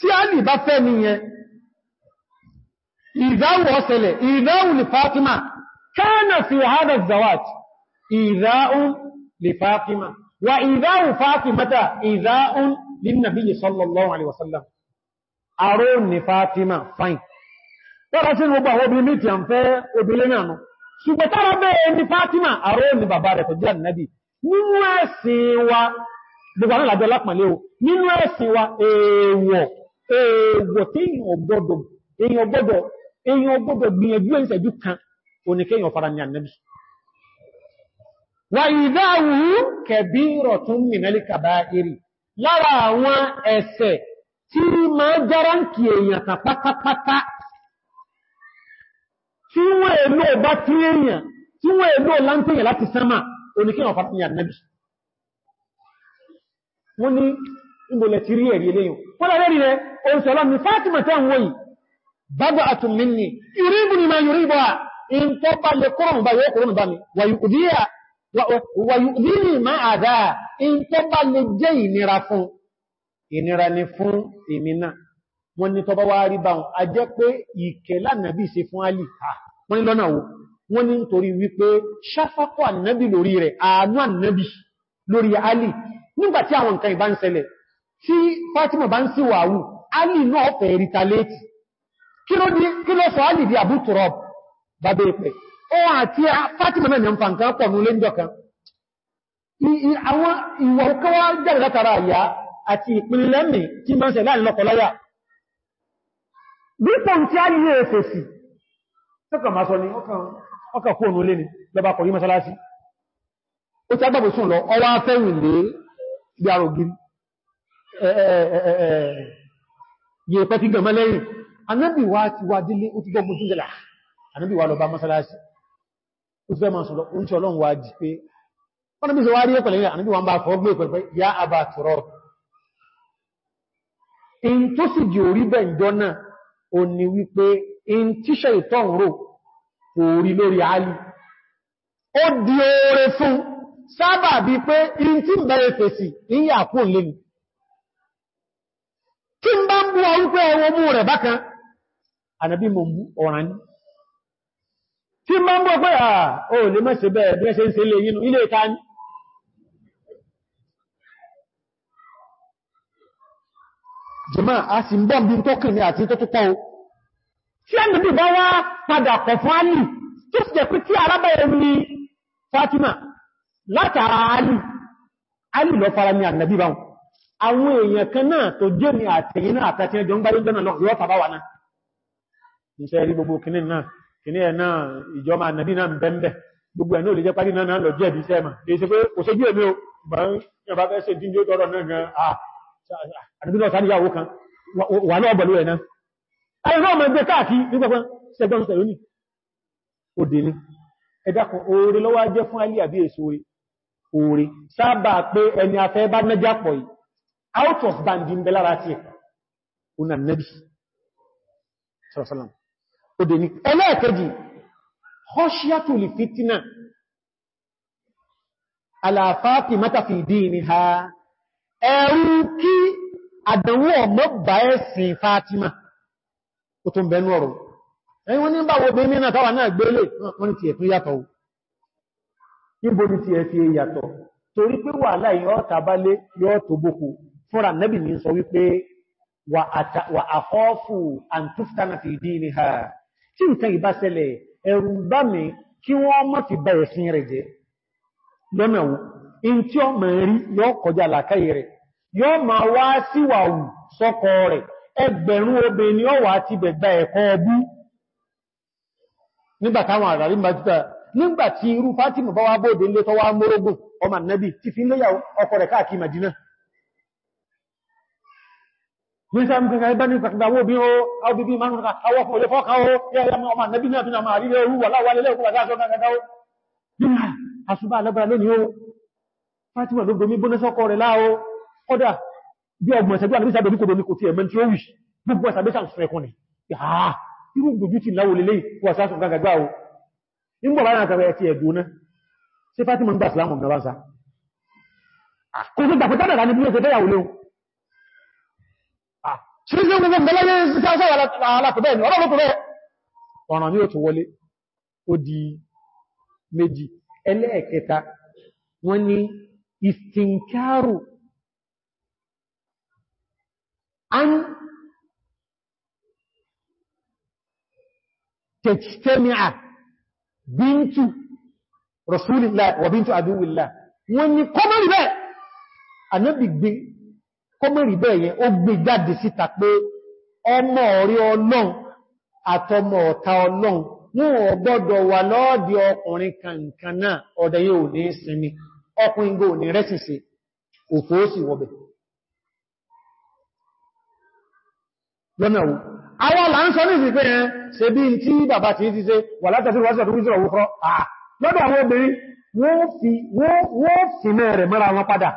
tí a lè bá fẹ́ nìyẹn Mm. ìdáwò ọ̀sẹ̀lẹ̀ ìdáwò lè Fatima kánà fi hádà zawat ìdáwò lè Fatima wa ìdáwò Fatimata ìdáwò lè nàbíyì sallallahu alaihi wasallam aró ní Fatima fine tọ́rọ sí gbogbo àwọn obìnrin méjì à ń fẹ́ obìnrin náà ṣùgbọ́n tọ́rọ bẹ́ẹ̀ ní Fatima aró ní bàbá rẹ̀ tó jẹ́ nàbí nínú ẹ̀sìn wa gbogbo èyàn gbogbo gbìyànjú ẹ̀sẹ̀jú kan oníkẹ́yàn fara ní ànẹ́bì wà ìdáwù kẹbí rọ̀tún mìnálíkà bá erì lára àwọn ẹ̀ṣẹ̀ tí ma jára ń kí èyàn tà pátápátá tí wọ́n èlò bá tí èyàn tí wọ́n èlò láti sánmà fara ní wọ́n ìbòlẹ̀ rí bábàtù minni ìrìbù ni ma yìrìbù a in tó bá lè kúrùn bá yóò kúrùn bá mi wàyùdí ni ma àdá in tó bá lè jẹ́ ìnira fún ìnira ni fún ìmìnà wọ́n ni tó bá wá rí báhùn a jẹ́ pé ìkẹ́ lánàbí ṣe fún alì wọ́n ni lọ́nà wo wọ́n ni nítorí wípé ń ṣẹlẹ̀ tí kí ló sọ alìdí àbútùrọ̀ bàbá ìpẹ̀ ohun àti Fatima náà yẹn fàǹkan pọ̀ ní olé ìjọkan àwọn ìwọ̀ kọwà jẹ́ látara àyà àti ìpínlẹ̀ mì tí máa ń ṣẹlẹ̀ lọ́kọláyà bí pọ̀ tí a ní èfèsì tọ́kà máa sọ ní ọkà kó ònú olé ni lọba kọ̀ yí mọ́sálásí ó ti agbábò sùn lọ ọwá fẹ́yìn lé yàrògiri yẹ̀pẹ́ ti gẹ̀mẹ́lẹ́yìn anábì wá ti wà dílé ó ti gbọ́ mú síndẹ̀lá anábì wá lọ bá mọ́sálásí ó ti fẹ́ máa sọ̀rọ̀ oúnjẹ ọlọ́run wá jí pé wọ́n nábì sọ wá rí ẹ̀pẹ̀lẹ̀ anábì wọ́n bá fọ́ gbé pẹ̀lẹ̀ ya Aba Turor in tó sì di orí bẹ̀ Ali ó di oore fún sábà bí pé in tí ń bẹ̀rẹ̀ fèsì ìyà kún kí ń bá ń bú ọ ẹwọ mú rẹ̀ bákan ànàbí mọ̀ ọ̀ràn ní tí ma ń bọ́ pé à o lè mẹ́sẹ̀ bẹ́ẹ̀ bí ẹ́ṣẹ́ ń se lè yínú ilé ìta ní jùmọ́ a sì ń bọ́m bí tó kìrì àti tó túpọ̀ o tí a nìbí bá wá padà pọ̀ fún Alì tó sì jẹ́ pé tí arábá ẹ̀rù Fatima látara Alì Alì lọ fara ní ànàbí báwọn àwọn èèyàn kan náà tó jẹ́ mi àtẹ̀yìn náà àtàtí ẹjọ́ ń gbáyé jọ́nà lọ yọ́ tàbá náà iṣẹ́ rí gbogbo kìíní náà kìíní ẹ̀ náà ìjọba ànàbí náà bẹ́m̀bẹ̀ gbogbo ẹ̀nà olè jẹ́ parí náà lọ jẹ́ ìbíṣẹ́ mà èyí ṣe pé kò ṣojú èmi o bá fẹ́ ṣe díndí ó tọrọ náà gan àdúgbò náà sáníyàwó kan wà náà bọ̀lú ẹ̀ náà ayé náà mọ̀ gbé káàkiri nígbà pẹ́ sẹ́gbọ́n sẹ̀rọ ní òdè ni ẹ̀dàkùn oore lọ́wọ́ jẹ́ fún alí àbí èso oore sábà pé ẹni afẹ́ bá mẹ́jà pọ̀ yìí out of bandi ń bẹ lára tí ẹ̀ òdè ní ẹlẹ́ẹ̀kẹ́jì hoshiatu li fitina aláfáàkì mátàfì dìní ha ẹ̀rù kí àdánwò ọmọ bá ẹ̀sìn Fátímà ó tún bẹ̀ẹ́nú ọ̀rọ̀ ẹni wọ́n ní bá wo bí mínà táwà náà gbélé ni ti etu ni ti torí pé wà láì yọ́ le, yọ́ tó bókù fúnra sọ wípé wà fi ha tí nǹkan ìbáṣẹlẹ̀ ẹ̀rù bá mi kí wọ́n má ti bẹ̀rẹ̀ sí rẹ̀ jẹ́ lọ́nà in tí ó mọ̀ rí yọ́ kọjá làkáyì rẹ̀ yọ́ ma wá síwàwù sọ́kọ rẹ̀ ẹgbẹ̀rún obe ni ó wà ti bẹ̀gbà ẹ̀kọ́ ọbú mísà ń gbẹ̀rẹ̀ ẹgbẹ́ ní ìpàkìdàwó bí ó àbíbí máa ń ra awọ́pọ̀ olè fọ́kà ó yẹ́yà ọmọ ànẹ́bí náà fi na máa rílẹ̀ orú wà láwọ́ alẹ́lẹ́ òkú àdáṣọ́ gẹ́gẹ́gẹ́ ó nígbà àṣùbà alágbàrá lónìí ó fátíwà ló gbomi gbóná sọ́kọ rẹ̀ láàó kọ́dà bí ọgbọ̀n ìṣẹ́jú àlúbísà dorí kò dorí kò tí ẹ̀mẹ́ tí ó wì gbogbo ẹ̀sà bẹ́sà ń sọ ẹ̀kọ́ ni irú gbòjú ti láwò lélẹ́ ìwà sáàsùn gagagbà tí ó gbogbo gbẹ̀lẹ́gbẹ̀ síkáṣẹ́ alákùnbẹ̀ ni ọ̀rọ̀ lókùnbẹ̀ ọ̀ràn ní òtù wọlé ó di méjì ẹlẹ́ẹ̀kẹta wọ́n ní istinkaru an tẹ̀tẹ̀mìà bíntù rasulillah wa bíntù adúwillah wọ́n ní kọ́mọ̀ kó mẹ́rin bẹ́ẹ̀ yẹn ó gbé jáde síta pé ọmọ orí ọlọ́run àtọmọ ọ̀ta ọlọ́run wọn ò gbọ́dọ̀ wà lọ́ọ̀dí ọkùnrin kankan náà ọ̀dẹ̀ yìí ò ní sinmi ọkùnrin gò ní rẹ́sìnsì òfò ó sì wọ́bẹ̀ lọ́nà wo àwọn là ń sọ ní ìsìnkú yẹn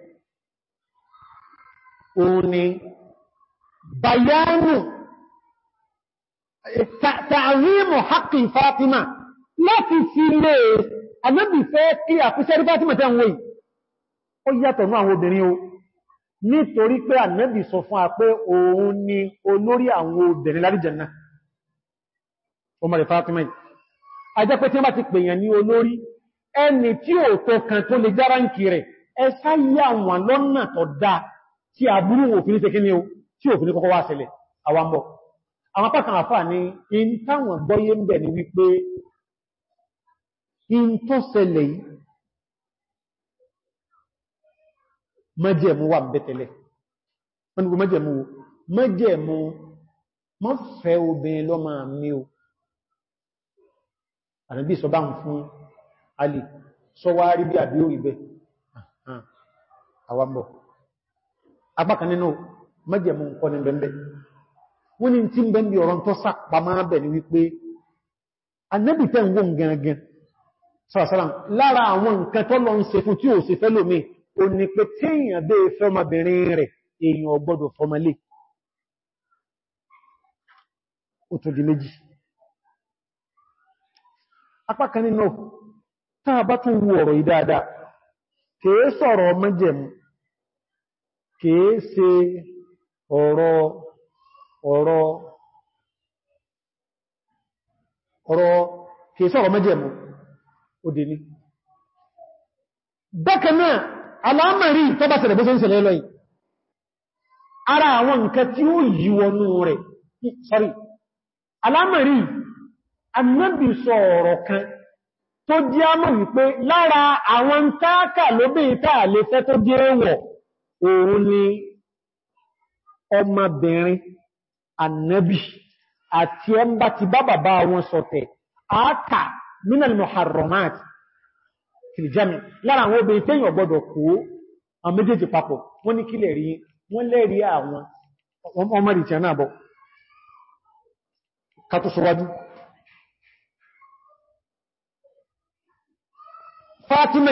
òun ni bayanu eh, ta'zimu haqqi Fatima lati fi lè anábì fẹ́ kí àkúṣẹ́rí Fatima tẹ́ ń o ó yàtọ̀ ní àwọn obìnrin o N'itori pé anábì sọ fún a pé òun ni olórí àwọn obìnrin láti jẹ́nà ọmọ rẹ̀ Fatima a je pe tí wọ́n bá ti pèèyàn ní olórí ẹni tí o tó kan tó lè nkire rẹ̀ ẹ sáyé àwọn lọ́nà tó tí àbúrú òfin ṣe kíní o tí òfin kọ́kọ́ wá ṣẹlẹ̀ àwàmọ̀ àwọn apákan àfà ní in táwọn gbọ́yé ń bẹ̀ ní wípé in tó ṣẹlẹ̀ yìí mẹ́jẹ̀mú wà bẹ̀tẹ̀lẹ̀ mẹ́jẹ̀mú mẹ́jẹ̀mú mọ́ apákan nínú mẹ́jẹ̀mú nǹkan ní bẹ̀m̀bẹ̀ wọ́n ni tí ń bẹ̀m̀bẹ̀ ọ̀rọ̀ tó sàpá máa bẹ̀ ní wípé anẹ́bì tẹ́ ń wọ́n gangan sàrásàrán lára àwọn nǹkan tó lọ ń fún tí o ní pé tí èèyàn fẹ́ kìí se ọ̀rọ̀ ọ̀rọ̀ ọ̀rọ̀ kìí sọ̀rọ̀ mẹ́jẹ̀mú òdè ní bákanáà alámàrí tó bá tẹ̀lẹ̀ bó ṣe ń ṣẹlẹ̀ lọ́yìn ara àwọn nǹkan tí ó yí wọnú rẹ̀ sorry alámàrí annabi sọ ọ̀rọ̀ kan tó jẹ́ àmọ́ wípé lára àwọn táàkà lóbi táà lè tó jẹ́ wọ̀ òun ni ọmọbìnrin annabi àti ẹmbà ti bá bàbá wọn sọ̀tẹ̀ àátà minal muharramat kìlìjámi lára àwọn obìnrin tẹ́yìn ọgbọ́dọ̀ kó àwọn méjèèjì papọ̀ wọ́n ní kílẹ̀ rí wọ́n lẹ́rí àwọn ọmọdé a náà bọ̀ kàtò Fatima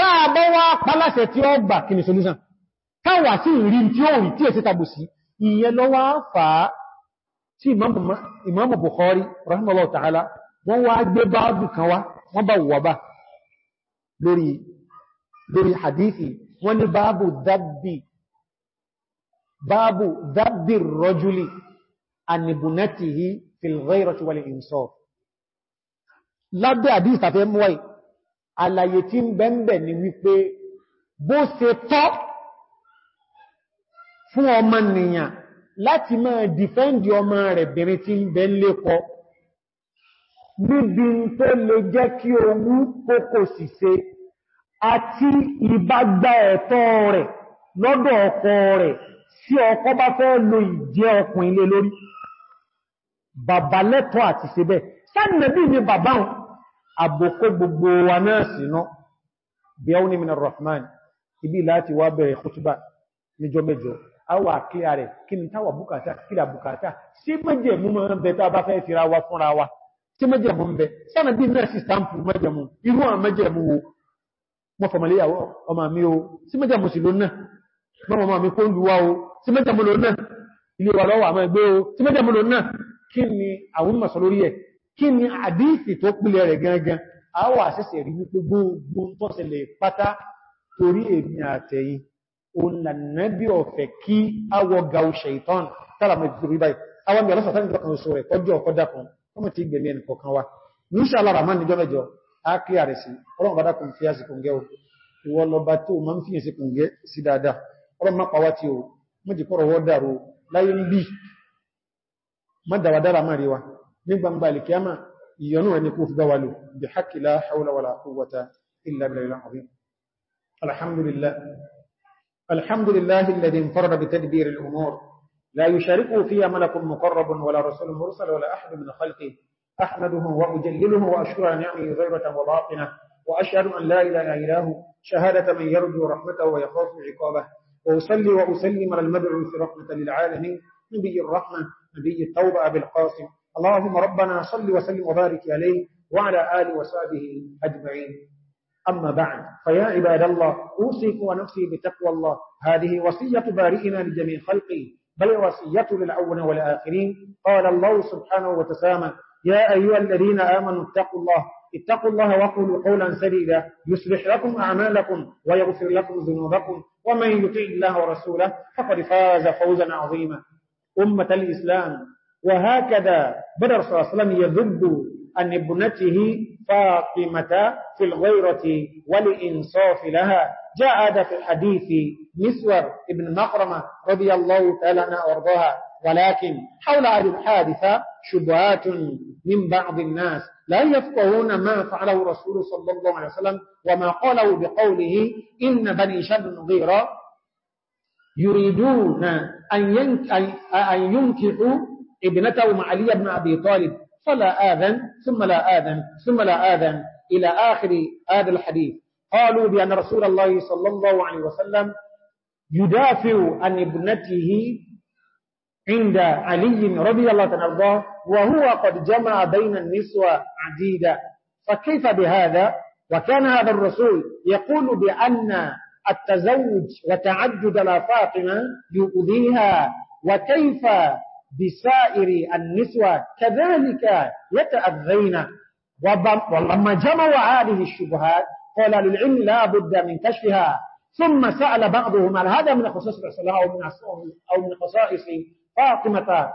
táà bọ́ wá pálásẹ̀ tí ó gbà kí ni solution káwà sí ìrí tí ó rí tí è sí tàbù sí ìyẹn lọ wá fàá tí Imam Bukhari rahimahullah ta'ala wọ́n wá gbé báábù kan wá wọ́n bá wà bá lórí lórí hadithi wọ́n ní báábù dábì báábù dábì fil ghayrati wal insaf lábẹ́ àdíìsàfẹ́ mọ́wàá àlàyé tí ń bẹ́m̀bẹ̀ ni wípé bó ṣe tọ́ fún ọmọ nìyàn láti máa dìfẹ́ndì ọmọ rẹ̀ bìnrin tí ń bẹ lékọ níbi tó lè jẹ́ kí owú kókò síse àti ìbágbá ẹ̀tọ́ rẹ̀ lọ́dọ̀ ọkọ rẹ̀ sí ọkọ bá fẹ́ lo ìjẹ́ ọkùn ilé lórí bàbá lẹ́tọ́ àti ṣe bẹ́ẹ̀ sáàdì nẹ́bí ni bàbáhùn àbòkó gbogbo wa náà sínú bí ọ́ ní minar rahman ibi láti wá bẹ̀rẹ̀ kútúbà níjọ mẹ́jọ awà kílà rẹ̀ kí ni táwà bùkátà kílà bùkátà sí mẹ́jẹ̀ mú mọ́ bẹ tá bá fẹ́ fira wa fúnra wa sí mẹ́jẹ̀ mú bẹ sánà bí náà sí stampu mẹ́jẹ̀ mú irú àwọn mẹ́jẹ̀ mú wo mọ́ fọmọléyàwó ọmọ mi o sí mẹ́jẹ̀ mú sí ló náà mọ́ ọmọ mi kó ń luwa o sí mẹ́jẹ̀ mú ló náà ilé wa lọ́wọ́ àmọ́ ẹgbẹ́ o sí mẹ́jẹ̀ mú ló náà kí ni àwọn mọ̀sọ̀ lórí ẹ̀ kí ni àdíìsì tó pìlẹ̀ rẹ̀ gangan a wà sẹ́sẹ̀ rí wípé gbogbo tó ṣẹlẹ̀ pátá torí èmi àtẹ̀yìn olànàbí ọ̀fẹ́ kí a wọ gau ṣẹ̀ìtàn tààmà ìgbìrí báyìí àwọn ìyàlọ́ sàtàrí ìjọ kan oṣù rẹ̀ kọjọ́ ọkọ́ dákun ọmọ tí gbẹ̀mí ẹnì kọ̀kan wa ní ṣàlá ràmá níjọ́ mẹ́jọ a kí ààrẹ sí ọlọ́run bádá من بمبالك يما ينوع نكوف دوالو بحق لا حول ولا قوة إلا بالله العظيم الحمد لله الحمد لله الذي انفرد بتدبير الأمور لا يشاركه فيها ملك مقرب ولا رسول مرسل ولا أحد من خلقه أحمده وأجلله وأشكر نعمه غيرة وباطنة وأشهد أن لا إله إلا هو شهادة من يرجو رحمته ويخاف عقابه وأصلي وأسلم على المبعوث رحمة للعالمين نبي الرحمة نبي التوبة أبي القاسم اللهم ربنا صل وسلم وبارك عليه وعلى آله وصحبه أجمعين أما بعد فيا عباد الله أوصيك ونفسي بتقوى الله هذه وصية بارئنا لجميع خلقه بل وصية للعون والآخرين قال الله سبحانه وتسامى يا أيها الذين آمنوا اتقوا الله اتقوا الله وقولوا قولا سديدا يصلح لكم أعمالكم ويغفر لكم ذنوبكم ومن يطع الله ورسوله فقد فاز فوزا عظيما أمة الإسلام وهكذا بدر صلى الله عليه وسلم يذب عن ابنته فاطمة في الغيرة والإنصاف لها جاء هذا في الحديث مسور ابن مقرمة رضي الله تعالى عنها وارضاها ولكن حول هذه الحادثة شبهات من بعض الناس لا يفقهون ما فعله رسول صلى الله عليه وسلم وما قاله بقوله إن بني شاب غيرة يريدون أن ينكحوا ابنته مع علي بن أبي طالب فلا آذن ثم لا آذن ثم لا آذن إلى آخر هذا الحديث قالوا بأن رسول الله صلى الله عليه وسلم يدافع عن ابنته عند علي رضي الله عنه وهو قد جمع بين النسوة عديدة فكيف بهذا وكان هذا الرسول يقول بأن التزوج وتعجد لفاطمة يؤذيها وكيف بسائر النسوة كذلك يتأذين ولما جمعوا هذه الشبهات قال للعلم لا بد من كشفها ثم سأل بعضهم هل هذا من خصائص الرسول أو من أو من خصائص فاطمة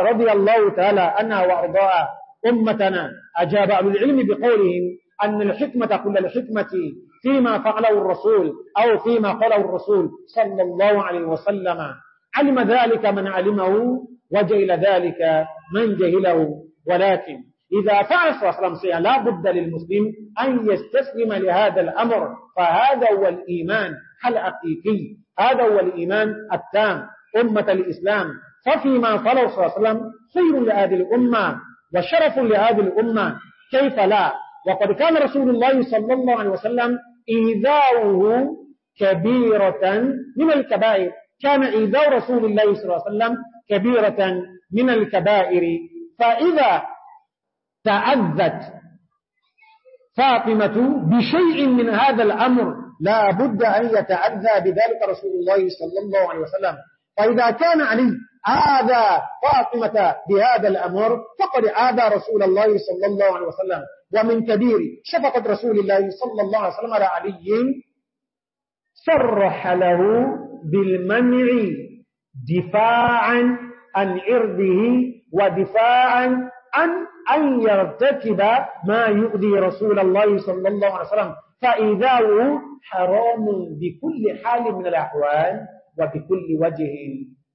رضي الله تعالى أنها وأرضاء أمتنا أجاب أهل العلم بقولهم أن الحكمة كل الحكمة فيما فعله الرسول أو فيما قاله الرسول صلى الله عليه وسلم علم ذلك من علمه وجهل ذلك من جهله ولكن إذا فعل صلى الله عليه وسلم لا بد للمسلم أن يستسلم لهذا الأمر فهذا هو الإيمان الحقيقي هذا هو الإيمان التام أمة الإسلام ففيما فعله صلى الله عليه وسلم خير لهذه الأمة وشرف لهذه الأمة كيف لا وقد كان رسول الله صلى الله عليه وسلم إيذاؤه كبيرة من الكبائر كان إيذاء رسول الله صلى الله عليه وسلم كبيرة من الكبائر فإذا تأذت فاطمة بشيء من هذا الأمر لا بد أن يتأذى بذلك رسول الله صلى الله عليه وسلم فإذا كان علي آذى فاطمة بهذا الأمر فقد آذى رسول الله صلى الله عليه وسلم ومن كبير شفقة رسول الله صلى الله عليه وسلم على علي صرح له بالمنع دفاعا عن عرضه ودفاعا عن أن يرتكب ما يؤذي رسول الله صلى الله عليه وسلم فإذا هو حرام بكل حال من الأحوال وبكل وجه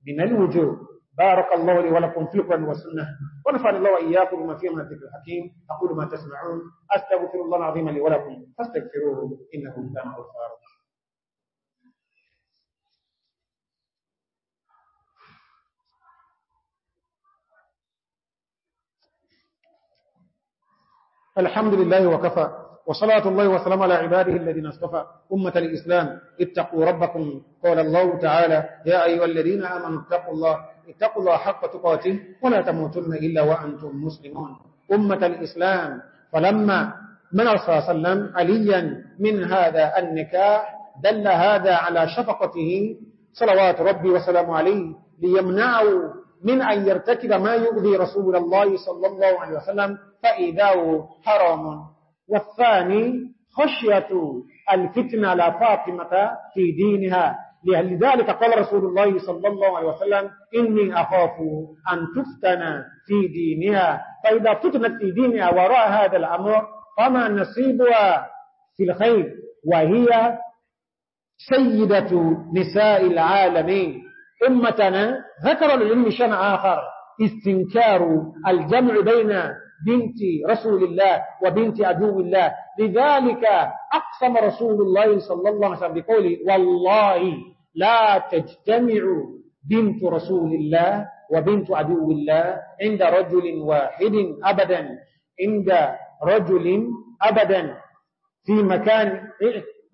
من الوجوه بارك الله لي ولكم في القرآن والسنة ونفعل الله وإياكم بما فيه من الذكر الحكيم أقول ما تسمعون أستغفر الله العظيم لي ولكم فاستغفروه إنه كان غفارا الحمد لله وكفى وصلاة الله وسلام على عباده الذين اصطفى أمة الإسلام اتقوا ربكم قال الله تعالى يا أيها الذين آمنوا اتقوا الله اتقوا الله حق تقاته ولا تموتن إلا وأنتم مسلمون أمة الإسلام فلما من صلى وسلم عليا من هذا النكاح دل هذا على شفقته صلوات ربي وسلام عليه ليمنعوا من أن يرتكب ما يؤذي رسول الله صلى الله عليه وسلم فإذا حرام والثاني خشية الفتنة على فاطمة في دينها لذلك قال رسول الله صلى الله عليه وسلم إني أخاف أن تفتن في دينها فإذا فتنت في دينها وراء هذا الأمر فما نصيبها في الخير وهي سيدة نساء العالمين أمتنا ذكر للمشان شان آخر استنكار الجمع بين بنت رسول الله وبنت عدو الله لذلك أقسم رسول الله صلى الله عليه وسلم بقوله والله لا تجتمع بنت رسول الله وبنت عدو الله عند رجل واحد أبدا عند رجل أبدا في مكان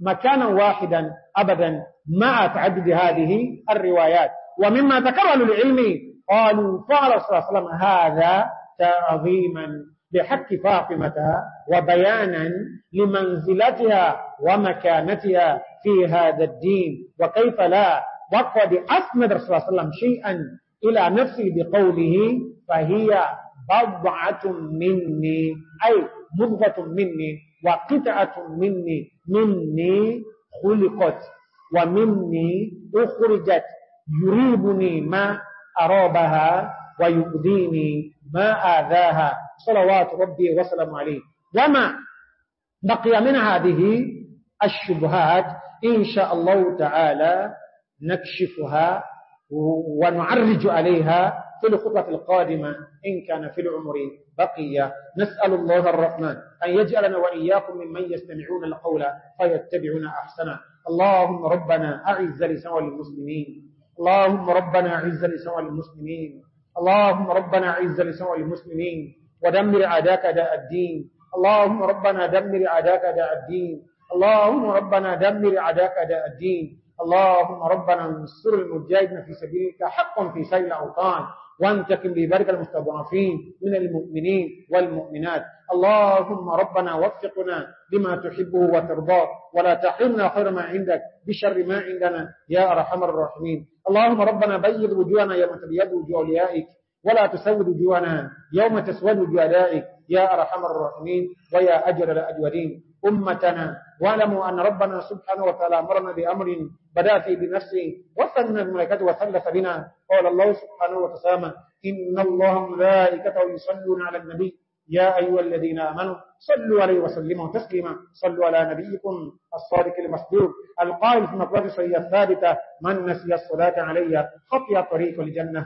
مكانا واحدا أبدا مع تعدد هذه الروايات ومما ذكره للعلم قالوا فعل صلى الله عليه وسلم هذا تعظيما بحق فاطمة وبيانا لمنزلتها ومكانتها في هذا الدين وكيف لا وقد أسند رسول الله صلى الله عليه وسلم شيئا إلى نفسه بقوله فهي بضعة مني أي مضغة مني وقطعة مني مني خلقت ومني أخرجت يريبني ما أرابها ويؤذيني ما آذاها صلوات ربي وسلم عليه وما بقي من هذه الشبهات إن شاء الله تعالى نكشفها ونعرج عليها في الخطبة القادمة إن كان في العمر بقية نسأل الله الرحمن أن يجعلنا وإياكم ممن يستمعون القول فيتبعون أحسنا اللهم ربنا أعز لسوى المسلمين اللهم ربنا أعز لسوى المسلمين اللهم ربنا عز لسوء المسلمين ودمر عداك داء الدين اللهم ربنا دمر عداك داء الدين اللهم ربنا دمر عداك داء الدين اللهم ربنا انصر المجاهدين في سبيلك حق في سيل الأوطان وانتقم ببرك المستضعفين من المؤمنين والمؤمنات اللهم ربنا وفقنا لما تحبه وترضاه ولا تحرمنا خير ما عندك بشر ما عندنا يا أرحم الراحمين اللهم ربنا بيض وجوهنا يوم تبيض وجوه أوليائك ولا تسود وجوهنا يوم تسود وجوه يا أرحم الراحمين ويا أجر الأجورين أمتنا واعلموا أن ربنا سبحانه وتعالى أمرنا بأمر بدأ فيه بنفسه وثنى الملكة وثلث بنا قال الله سبحانه وتسامى إن الله ملائكة يصلون على النبي يا أيها الذين آمنوا صلوا عليه وسلموا تسليما صلوا على نبيكم الصادق المصدوق القائل في مقرد صحية الثابتة من نسي الصلاة علي خطي طريق الجنة